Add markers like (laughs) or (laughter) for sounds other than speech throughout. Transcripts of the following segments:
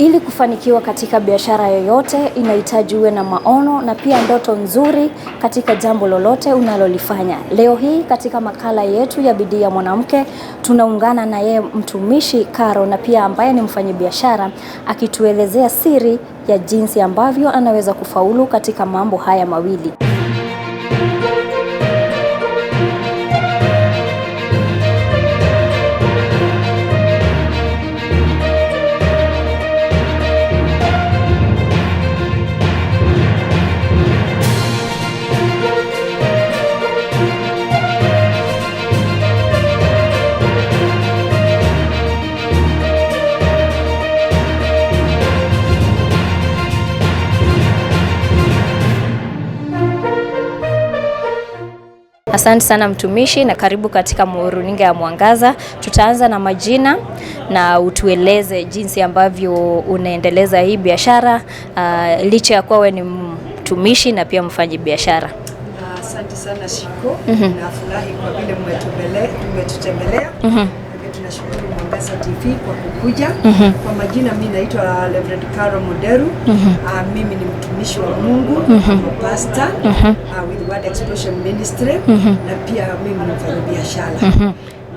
Ili kufanikiwa katika biashara yoyote inahitaji uwe na maono na pia ndoto nzuri katika jambo lolote unalolifanya. Leo hii katika makala yetu ya Bidii ya Mwanamke tunaungana na yeye mtumishi Caro na pia ambaye ni mfanyabiashara akituelezea siri ya jinsi ambavyo anaweza kufaulu katika mambo haya mawili. Asante sana mtumishi, na karibu katika runinga ya Mwangaza. Tutaanza na majina na utueleze jinsi ambavyo unaendeleza hii biashara uh, licha ya kuwa wewe ni mtumishi na pia mfanyi biashara. Asante sana Shiko, mhm. nafurahi kwa vile mmetutembelea. Mhm nashukuru Mwangaza TV kwa kukuja. mm -hmm. Kwa majina mimi naitwa Reverend Caro Moderu. mm -hmm. Uh, ah, mimi ni mtumishi wa Mungu, mm -hmm. pastor mm -hmm. uh, with Word Explosion Ministry. mm -hmm. Na pia mimi ni mfanyabiashara. mm -hmm.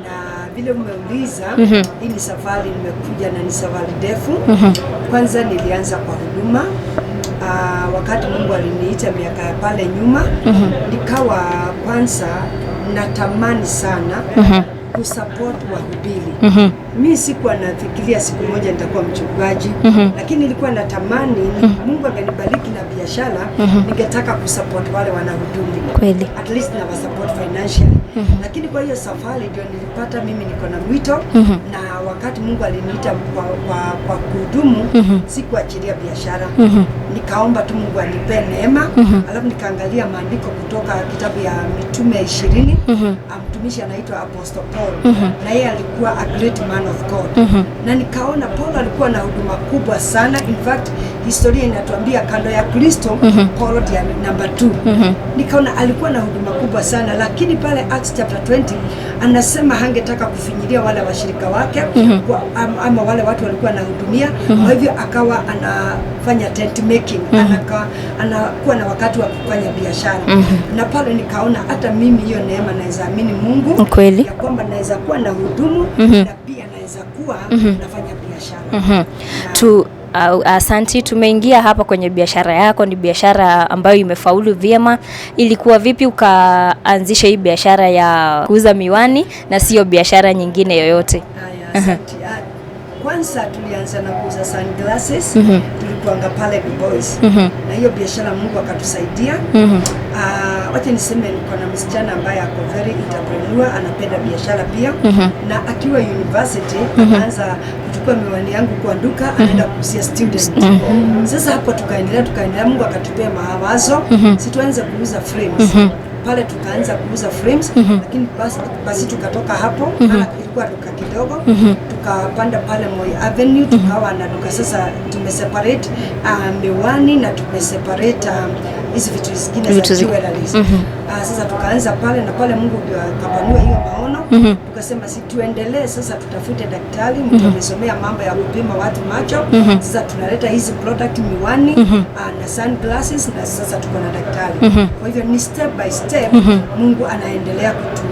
Na vile umeuliza, mm -hmm. hii ni safari nimekuja na ni safari ndefu. mm -hmm. Kwanza nilianza kwa huduma Uh, wakati Mungu aliniita miaka ya pale nyuma, mm -hmm. nikawa kwanza natamani sana, mm -hmm kusupport wahubiri. mm -hmm. Mi sikuwa nafikiria siku moja nitakuwa mchungaji. mm -hmm. Lakini nilikuwa natamani mm -hmm. Mungu angenibariki na biashara mm -hmm. Ningetaka kusupport wale wanahudumu, at least na wasupport financially mm -hmm. Lakini kwa hiyo safari ndio nilipata mimi niko na mwito mm -hmm. na wakati Mungu aliniita kwa, kwa, kwa kuhudumu mm -hmm. kuachilia biashara mm -hmm. nikaomba tu Mungu anipe neema mm -hmm. alafu nikaangalia maandiko kutoka kitabu ya Mitume ishirini mm -hmm. mtumishi anaitwa Apostle Paul mm -hmm. na yeye alikuwa a great man of God mm -hmm. na nikaona Paul alikuwa na huduma kubwa sana in fact historia inatuambia kando ya Kristo mm -hmm. ya namba 2 mm -hmm. Nikaona alikuwa na huduma kubwa sana, lakini pale Acts chapter 20 anasema hangetaka kufinyilia wale washirika wake mm -hmm. kwa, ama wale watu walikuwa anahudumia mm -hmm. kwa mhm. hivyo akawa anafanya tent making mm -hmm. anaka, anakuwa na wakati wa kufanya biashara mm -hmm. na pale nikaona hata mimi hiyo neema naweza amini Mungu kweli ya kwamba naweza kuwa na hudumu mm -hmm. na pia naweza kuwa mm -hmm. nafanya biashara mm -hmm. na, tu Uh, asanti, tumeingia hapa kwenye biashara yako. Ni biashara ambayo imefaulu vyema. Ilikuwa vipi ukaanzisha hii biashara ya kuuza miwani na sio biashara nyingine yoyote? asanti. (laughs) Ah, kwanza tulianza na kuuza sunglasses mm -hmm. tulikuanga pale Dubois mm -hmm. na hiyo biashara Mungu akatusaidia mm -hmm. Uh, wacha niseme niko na msichana ambaye ako very entrepreneur, anapenda biashara pia mm -hmm. na akiwa university mm -hmm. anaanza kuchukua miwani yangu kwa duka mm -hmm. anaenda kuuzia student mm -hmm. Sasa hapo tukaendelea tukaendelea, Mungu akatupea mawazo mm -hmm. si tuanze kuuza frames mm -hmm pale tukaanza kuuza frames mm -hmm. Lakini basi, basi tukatoka hapo mm -hmm. Ilikuwa duka kidogo mm -hmm. Tukapanda pale Moi Avenue tukawa na duka sasa tumeseparate uh, ah, miwani na tumeseparate uh, ah, hizi vitu zingine za jewelry. mm sasa tukaanza pale na pale, Mungu ndio akapanua hiyo maono. mm -hmm. Tukasema si tuendelee sasa, tutafute daktari mhm. mtu mm -hmm. amesomea mambo ya kupima watu macho. mm -hmm. Sasa tunaleta hizi product miwani mm -hmm. uh, na sunglasses na sasa tuko na daktari. mm -hmm. Kwa hivyo ni step by step mm -hmm. Mungu anaendelea kutu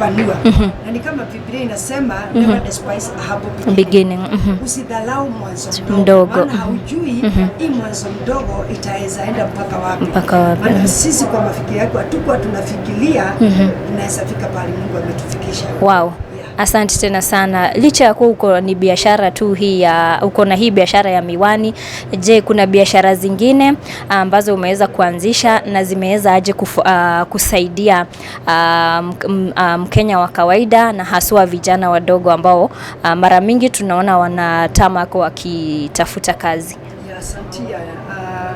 kupanua mm -hmm. na ni kama Biblia inasema mm -hmm. never mhm. despise a humble beginning, beginning. mm -hmm. usidhalau mwanzo mdogo, maana haujui mm -hmm. hii mwanzo mdogo itaweza enda mpaka wapi, mpaka wapi. Maana sisi kwa mafikiri yako hatukuwa tunafikiria mm -hmm. inaweza fika pale Mungu ametufikisha. Wow. Asante tena sana. Licha ya kuwa uko ni biashara tu hii ya uko na hii biashara ya miwani, je, kuna biashara zingine ah, ambazo umeweza kuanzisha na zimeweza aje kufu, uh, kusaidia ah, Mkenya wa kawaida na haswa vijana wadogo ambao uh, mara mingi tunaona wanatamako wakitafuta kazi? Asante ya, uh,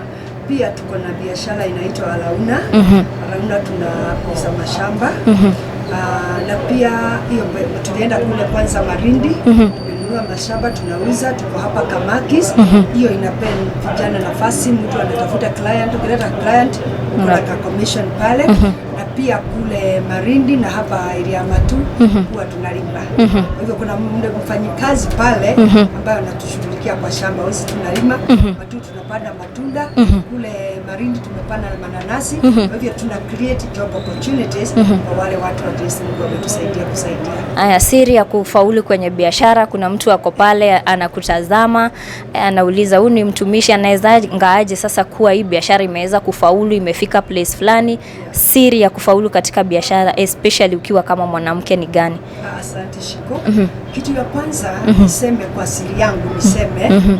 pia tuko na biashara inaitwa Arauna. mm -hmm. Alauna tuna mashamba mm -hmm. Ah, na pia hiyo tulienda kule kwanza Marindi mm -hmm. Tumenunua mashamba tunauza, tuko hapa Kamakis mhm. hiyo mm -hmm. Inapea vijana nafasi, mtu anatafuta client, ukileta client kuna ka commission pale mm -hmm. Na pia kule Marindi na hapa area Matu mm -hmm. Huwa tunalima mm -hmm. Kwa hivyo kuna mde mfanyikazi pale mm -hmm. ambayo anatushughulikia kwa shamba, wezi tunalima mm -hmm. Matu tunapanda matunda mm -hmm. kule Marindi tumepanda na mananasi mm -hmm. Kwa hivyo tuna create job opportunities mm -hmm. kwa wale watu wa DSM wametusaidia kusaidia. Aya, siri ya kufaulu kwenye biashara, kuna mtu ako pale anakutazama, anauliza huyu ni mtumishi anaweza ngaaje sasa kuwa hii biashara imeweza kufaulu, imefika place fulani. Siri ya kufaulu katika biashara especially ukiwa kama mwanamke ni gani? Asante Shiko. mm -hmm. Kitu ya kwanza mm -hmm. niseme kwa siri yangu niseme mm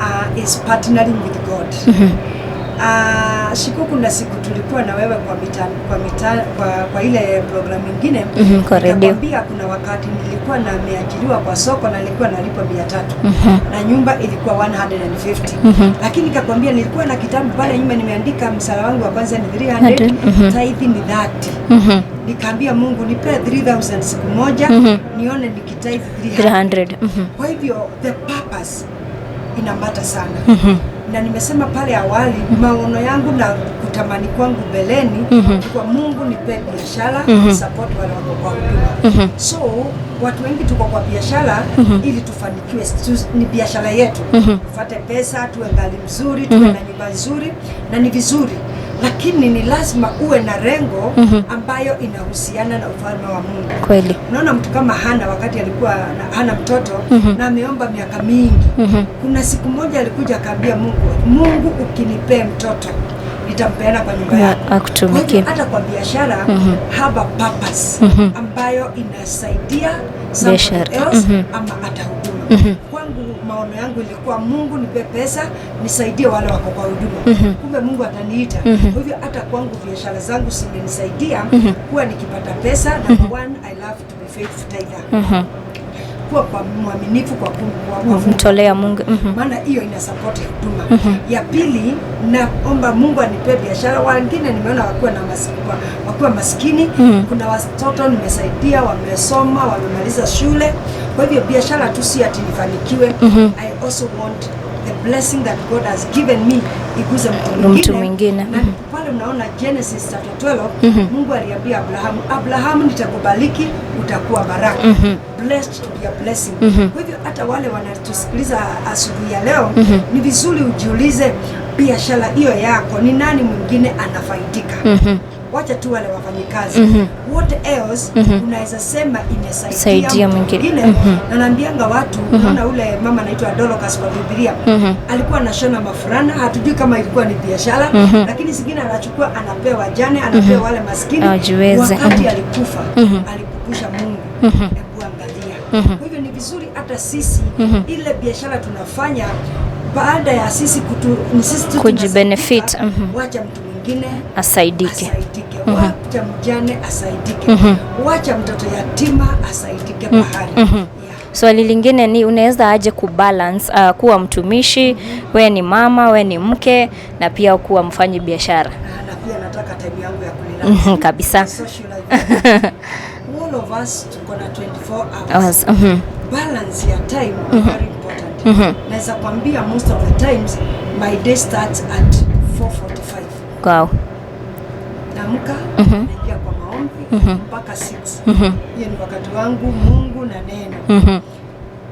-hmm. uh, is partnering with God. Mm -hmm. Uh, ah, Shiku, kuna siku tulikuwa na wewe kwa mita, kwa, mita, kwa, kwa ile program nyingine mm -hmm, kwa radio nikakwambia kuna wakati nilikuwa nimeajiriwa kwa soko na nilikuwa nalipa mia tatu mm -hmm. na nyumba ilikuwa 150 mm -hmm. lakini nikakwambia nilikuwa na kitabu pale nyuma nimeandika msala wangu wa kwanza ni 300 mm -hmm. taithi ni 30 mm -hmm. nikaambia Mungu nipe 3000 siku moja mm -hmm. nione nikitaithi 300, 300. Mm -hmm. kwa hivyo the purpose inambata sana mm -hmm na nimesema pale awali mm -hmm. maono yangu na kutamani kwangu mbeleni mm -hmm. kwa Mungu nipe biashara mm -hmm. support wale wako kwa huduma mm -hmm. so watu wengi tuko kwa biashara mm -hmm. ili tufanikiwe, ni biashara yetu mm -hmm. tupate pesa, tuwe ngali mzuri, tuwe mm -hmm. na nyumba nzuri na ni vizuri lakini ni lazima uwe na rengo mhm. ambayo inahusiana na ufalme wa Mungu. Kweli. Unaona mtu kama Hana wakati alikuwa hana mtoto mm -hmm. na ameomba miaka mingi mm -hmm. kuna siku moja alikuja akaambia Mungu, Mungu ukinipea mtoto nitampeana kwa nyumba yako akutumikie, hata kwa biashara mm -hmm. haba purpose mm -hmm. ambayo inasaidia biashara mm -hmm. ama hata huduma mm -hmm maono yangu ilikuwa Mungu nipe pesa nisaidie wale wako kwa huduma mm -hmm. Kumbe Mungu ataniita mm -hmm. Kwa hivyo hata kwangu biashara zangu zimenisaidia mm -hmm. kuwa nikipata pesa na mm -hmm. one, I love to be faithful tither mm -hmm. Kuwa kwa mwaminifu kwa kumtolea Mungu mhm. maana hiyo ina support huduma mm -hmm. Ya pili naomba Mungu anipe biashara. Wengine nimeona wakiwa na wakiwa maskini mm -hmm. Kuna watoto nimesaidia, wamesoma, wamemaliza shule kwa hivyo biashara tu si ati nifanikiwe. mm -hmm. I also want the blessing that God has given me iguze mtu mwingine. Na mhm. pale mnaona Genesis 3:12 mm -hmm. Mungu aliambia Abrahamu, Abrahamu, nitakubariki utakuwa baraka. mm -hmm. Blessed to be a blessing. mm -hmm. Kwa hivyo hata wale wanatusikiliza asubuhi ya leo mm -hmm. ni vizuri ujiulize biashara hiyo yako, ni nani mwingine anafaidika? mm -hmm wacha tu wale wafanyikazi mm -hmm. what else mm -hmm. unaweza sema imesaidia mwingine mm -hmm. na naambianga watu mm -hmm. naona ule mama anaitwa Dorcas kwa Biblia mm -hmm. alikuwa anashona mafurana, hatujui kama ilikuwa ni biashara mm -hmm. lakini zingine anachukua anapewa jane, mhm. anapewa mm -hmm. wale maskini Ajiweze. wakati mm -hmm. alikufa mm -hmm. alikukusha Mungu mm -hmm. na kuangalia mm -hmm. kwa hivyo ni vizuri hata sisi mm -hmm. ile biashara tunafanya baada ya sisi kutu, sisi kujibenefit mm -hmm. wacha mtu mwingine asaidike, asaidike. Mm -hmm. Wacha mjane asaidike. Mm -hmm. Wacha mtoto yatima asaidike bahari. Mhm. Mm -hmm. yeah. Swali lingine ni unaweza aje kubalance uh, kuwa mtumishi mm -hmm. we ni mama, we ni mke na pia kuwa mfanyi biashara ah, na pia nataka time yangu ya kulala. Mm -hmm, kabisa. (laughs) All of us tuko na 24 hours. Mm -hmm. Balance ya time mm -hmm. very important. Mm -hmm. Naweza kwambia most of the times my day starts at 4:40 kwao. Naamka mhm. naingia kwa maombi mhm. mpaka 6. Mhm. Hiyo ni wakati wangu Mungu na neno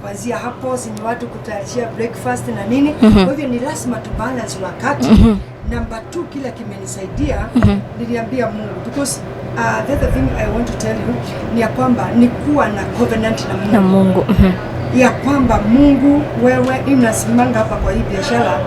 kuanzia hapo zenye watu kutayarishia breakfast na nini. Kwa hivyo ni lazima tu balance wakati mm -hmm. namba 2 kila kimenisaidia mm -hmm. niliambia Mungu because uh, the other thing I want to tell you ni ya kwamba ni kuwa na covenant na Mungu, na Mungu. Mm -hmm. ya kwamba Mungu wewe inasimanga hapa kwa hii biashara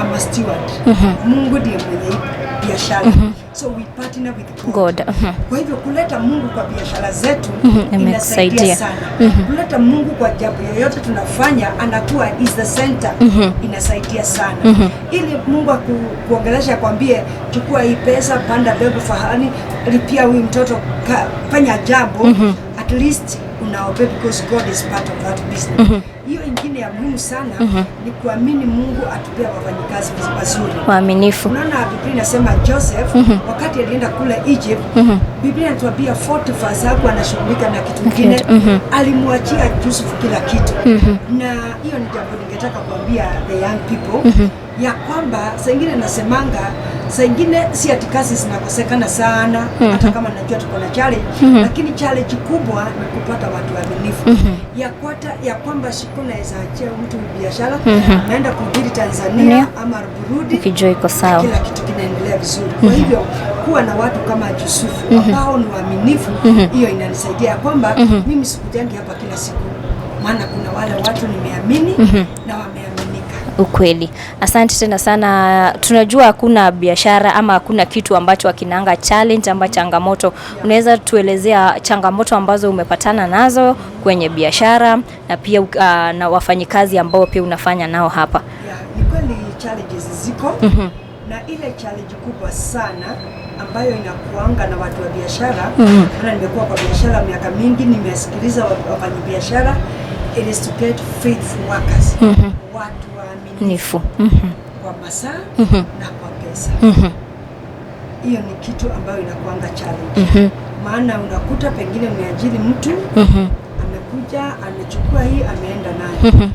ama steward mm -hmm. Mungu ndiye mwenye hii biashara mm -hmm. so we partner with God. Mm -hmm. Kwa hivyo kuleta Mungu kwa biashara zetu mm -hmm. inasaidia sana mm -hmm. kuleta Mungu kwa jambo yoyote tunafanya, anakuwa is the center mm -hmm. inasaidia sana mm -hmm. ili Mungu akuongelesha akwambie chukua hii pesa, panda bebe fahani, lipia huyu mtoto, fanya jambo mm -hmm. at least unaobea because God is part of that business. Mhm. Hiyo ingine ya muhimu sana mhm. ni kuamini Mungu atupea wafanyikazi wazuri waaminifu. Unaona Biblia inasema Joseph mhm. wakati alienda kule Egypt Biblia inatuambia Potifa sababu anashughulika na kitu kingine alimwachia Yusuf kila kitu na hiyo ni jambo ningetaka kuambia the young people ya kwamba saingine nasemanga, saingine si ati kazi zinakosekana sana mm -hmm. hata kama najua tuko na challenge mm -hmm. lakini challenge kubwa ni kupata watu waaminifu mm -hmm. ya kwata, ya kwamba siku naweza achia mtu biashara mm -hmm. naenda kuhubiri Tanzania mm -hmm. ama Burundi ukijua iko sawa, kila kitu kinaendelea vizuri mm -hmm. kwa mhm. hivyo kuwa na watu kama Yusufu mm -hmm. ambao ni waaminifu mhm. hiyo mm -hmm. inanisaidia ya kwamba mm -hmm. mimi sikujangi hapa kila siku, maana kuna wale watu nimeamini mm -hmm. na wame Ukweli. Asante tena sana. Tunajua hakuna biashara ama hakuna kitu ambacho akinanga challenge ama changamoto. Unaweza tuelezea changamoto ambazo umepatana nazo kwenye biashara na pia uh, na wafanyikazi ambao pia unafanya nao hapa? Yeah, ni kweli challenges ziko. mm -hmm. Na ile challenge kubwa sana ambayo inakuanga na watu wa biashara mm -hmm. Nimekuwa kwa biashara miaka mingi, nimesikiliza wafanyabiashara, it is to get faith workers. mm -hmm. watu nifu mhm. kwa masaa mhm. na kwa pesa mhm. hiyo ni kitu ambayo inakuanga challenge maana unakuta pengine umeajiri mtu amekuja amechukua hii ameenda nayo mm -hmm.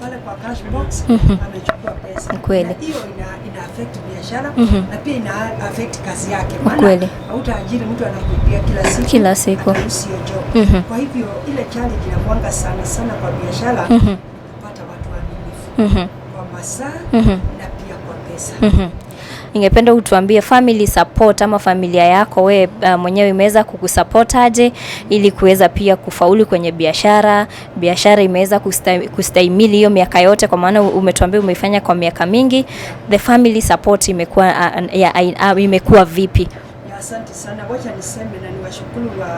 pale kwa cash box amechukua pesa kweli, hiyo ina, ina affect biashara na pia ina affect kazi yake, maana hautaajiri mtu anakulipia kila siku kila siku, sio job kwa hivyo ile challenge inakuanga sana sana kwa biashara mm -hmm. kwa masaa mm -hmm. na pia kwa pesa mm -hmm. Ningependa utuambie family support ama familia yako we uh, mwenyewe imeweza kukusupport aje ili kuweza pia kufaulu kwenye biashara. Biashara imeweza kustahimili hiyo miaka yote, kwa maana umetuambia umeifanya kwa miaka mingi. The family support imekuwa uh, uh, uh imekuwa vipi? Asante sana, wacha niseme na niwashukuru wa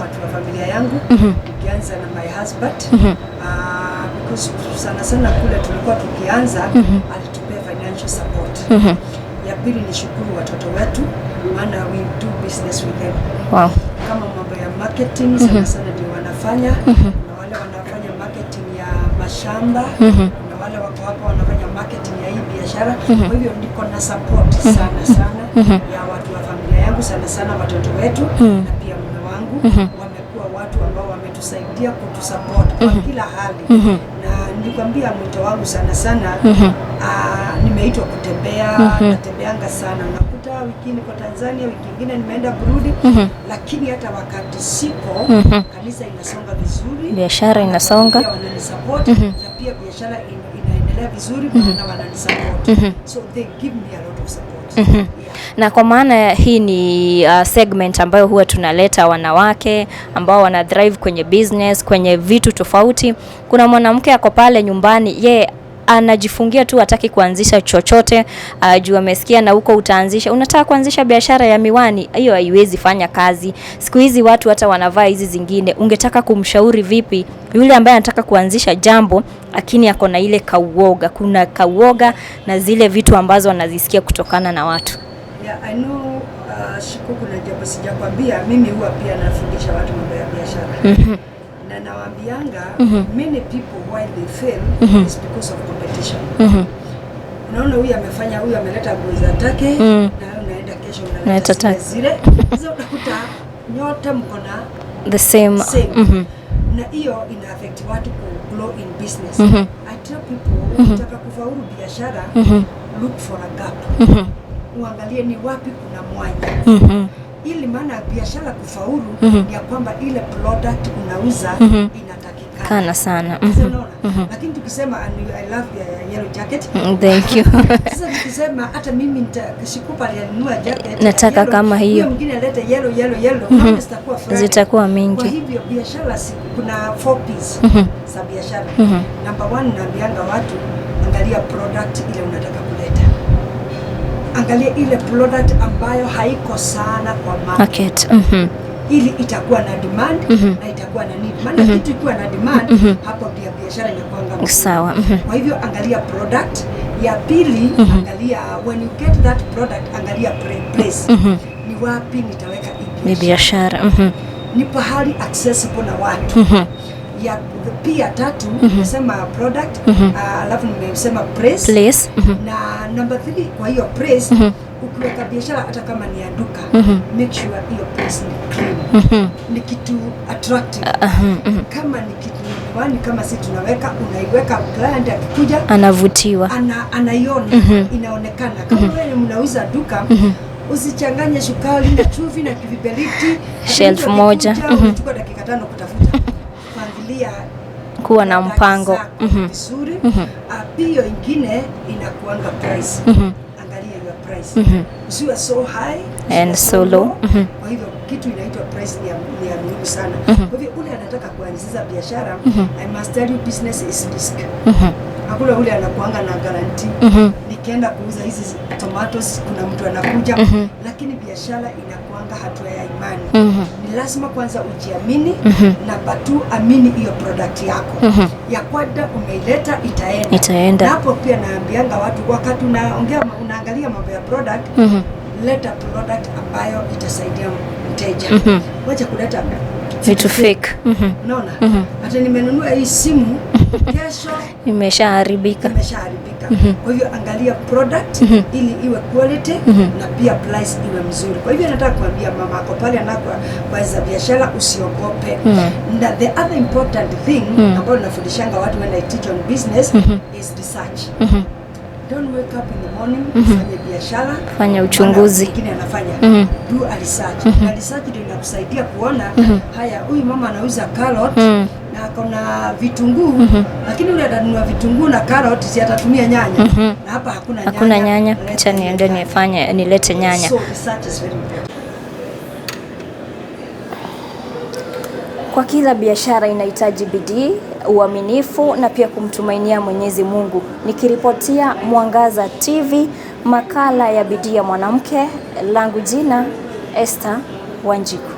watu wa familia yangu nikianza mhm. mm -hmm. na my husband mm -hmm. uh, because sana sana kule tulikuwa tukianza mm -hmm. alitupea financial support mm -hmm. ya pili ni shukuru watoto wetu maana we do business with them wow. kama mambo ya marketing mhm. sana mm -hmm. sana ndio wanafanya mm -hmm. na wale wanafanya marketing ya mashamba mm -hmm. na wale wako hapa wanafanya marketing ya hii biashara mm -hmm. kwa hivyo ndiko na support sana mhm. sana mm -hmm. ya watu sana sana watoto wetu mm. na hmm. pia mume wangu mm -hmm. wamekuwa watu ambao wametusaidia kutusupport kwa mm -hmm. kila hali mm -hmm. na nilikwambia mwito wangu sana sana mm -hmm. hmm. Ah, nimeitwa kutembea mm -hmm. natembeanga sana nakuta wiki niko Tanzania, wiki ingine nimeenda Burundi mm -hmm. lakini hata wakati siko mm -hmm. kanisa inasonga vizuri, biashara inasonga, wananisupport mm -hmm. na pia biashara inaendelea vizuri mm -hmm. na wananisupport mm -hmm. so they give me a lot of support mm -hmm. Na kwa maana hii ni uh, segment ambayo huwa tunaleta wanawake ambao wana drive kwenye business, kwenye vitu tofauti. Kuna mwanamke ako pale nyumbani, ye anajifungia tu, hataki kuanzisha chochote ah, juu amesikia na huko utaanzisha, unataka kuanzisha biashara ya miwani, hiyo haiwezi fanya kazi. Siku hizi watu hata wanavaa hizi zingine. Ungetaka kumshauri vipi yule ambaye anataka kuanzisha jambo lakini ako na ile kauoga? Kuna kauoga na zile vitu ambazo anazisikia kutokana na watu yeah, I know. Uh, ah, siku kuna jambo sijakwambia, mimi huwa pia nafundisha watu mambo ya biashara. Mhm nawaambianga mm -hmm. many people why they fail mm -hmm. is because of competition mm -hmm. Unaona, huyu amefanya, huyu ameleta goza take mm -hmm. na unaenda kesho unaleta zile hizo, (laughs) utakuta nyote mko na the same, same. Mm -hmm. na hiyo ina affect watu ku grow in business mm -hmm. I tell people mm -hmm. utaka kufaulu biashara mm -hmm. look for a gap mm -hmm. uangalie ni wapi kuna mwanya mm -hmm ili maana ya biashara kufaulu mm -hmm. ya kwamba ile product unauza mm -hmm. inatakikana sana mm -hmm. mm -hmm. Lakini tukisema I love the yellow jacket mm, thank you (laughs) sasa tukisema hata mimi nitakishikupa yanunua jacket nataka yellow, kama hiyo mwingine alete yellow yellow yellow mm -hmm. zitakuwa fresh zitakuwa mingi. Kwa hivyo biashara si, kuna four P's mm -hmm. za biashara mm -hmm. Number 1 na bianga watu angalia product ile unataka angalia ile product ambayo haiko sana kwa market. Mm -hmm. Ili itakuwa na demand mm -hmm. na mhm. itakuwa na need. Maana mm -hmm. kitu ikiwa na demand mm -hmm. hapo pia biashara inakuwa sawa. Mm -hmm. Kwa hivyo angalia product ya pili mm -hmm. angalia when you get that product angalia place. Mm -hmm. Ni wapi nitaweka hii biashara? Mm -hmm. Ni pahali accessible na watu. Mm -hmm ya pia tatu mhm. nimesema product mhm. ah, alafu nimesema place, place. Mm -hmm. na number 3 kwa hiyo place mm -hmm. ukiweka biashara hata kama ni ya duka mm -hmm. make sure hiyo place ni clean mm -hmm. ni kitu attractive uh ah, -huh. Mhm, kama ni kitu kwani kama si tunaweka unaiweka, client akikuja anavutiwa, ana, anaiona mm -hmm. inaonekana kama mm -hmm. wewe mnauza duka mm -hmm. Usichanganye sukari na chumvi na kivibeliti shelf moja, mm dakika tano kutafuta kufuatilia kuwa na mpango mhm. vizuri. mm -hmm. Ah, Pio ingine inakuanga price. mm -hmm. Angalia your price. mm -hmm. Usiwe so high and so low. mm -hmm. Kwa hivyo kitu inaitwa price ni ya muhimu sana. mm -hmm. Kwa hivyo ule anataka kuanzisha biashara, mm -hmm. I must tell you business is risk. mm -hmm. Hakuna ule anakuanga na guarantee. mm -hmm ukienda kuuza hizi tomatoes kuna mtu anakuja mm -hmm. Lakini biashara inakuanga hatua ya imani mm -hmm. Ni lazima kwanza ujiamini mm -hmm. Na batu amini hiyo product yako mm -hmm. Ya kwada umeileta itaenda, itaenda. hapo pia naambianga watu wakati unaongea unaangalia mambo ya product mm -hmm. Leta product ambayo itasaidia mteja mm -hmm. Wacha kuleta vitu fake. Mhm. Unaona? Mhm. Hata nimenunua hii simu (laughs) kesho imeshaharibika. Imeshaharibika kawaida. Mhm. Kwa hivyo angalia product mhm. ili iwe quality mhm. na pia price iwe mzuri. Kwa hivyo nataka kuambia mama ako pale anakoanza biashara usiogope. Na the other important thing ambayo nafundishanga watu when I teach on business is research. Don't wake up in the morning, fanya biashara, fanya uchunguzi. Mwingine anafanya do a research. Na research ndio inakusaidia kuona haya, huyu mama anauza carrot na kuna vitunguu mm -hmm. Lakini yule atanunua vitunguu na carrot, si atatumia nyanya mm -hmm. Na hapa hakuna nyanya, hakuna nyanya. Acha niende nifanye nilete nyanya so, Kwa kila biashara inahitaji bidii, uaminifu na pia kumtumainia Mwenyezi Mungu. Nikiripotia Mwangaza TV, makala ya bidii ya mwanamke, langu jina Esther Wanjiku.